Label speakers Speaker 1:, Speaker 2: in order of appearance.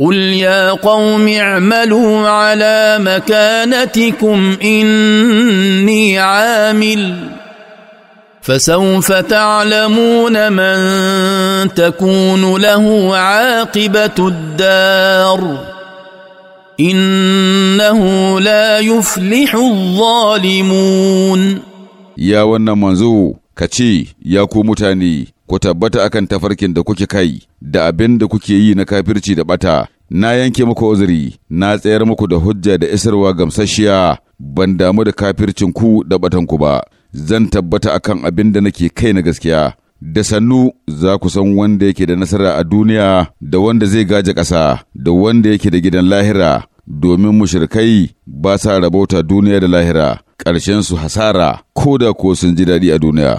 Speaker 1: قل يا قوم اعملوا على مكانتكم اني عامل فسوف تعلمون من تكون له عاقبه الدار انه لا يفلح الظالمون
Speaker 2: يا ون منزو ka ce, Ya ku mutane, ku tabbata akan tafarkin da kuke kai, da abin da kuke yi na kafirci da bata, na yanke muku uzuri, na tsayar muku da hujja da isarwa gamsasshiya, ban damu da kafircin ku da batanku ba, zan tabbata akan abin da nake kai na gaskiya. da sannu za ku san wanda yake da nasara a duniya da wanda zai gaje ƙasa da wanda yake da gidan lahira domin mushirikai ba sa rabauta duniya da lahira ƙarshen su hasara ko da ko sun ji daɗi a duniya.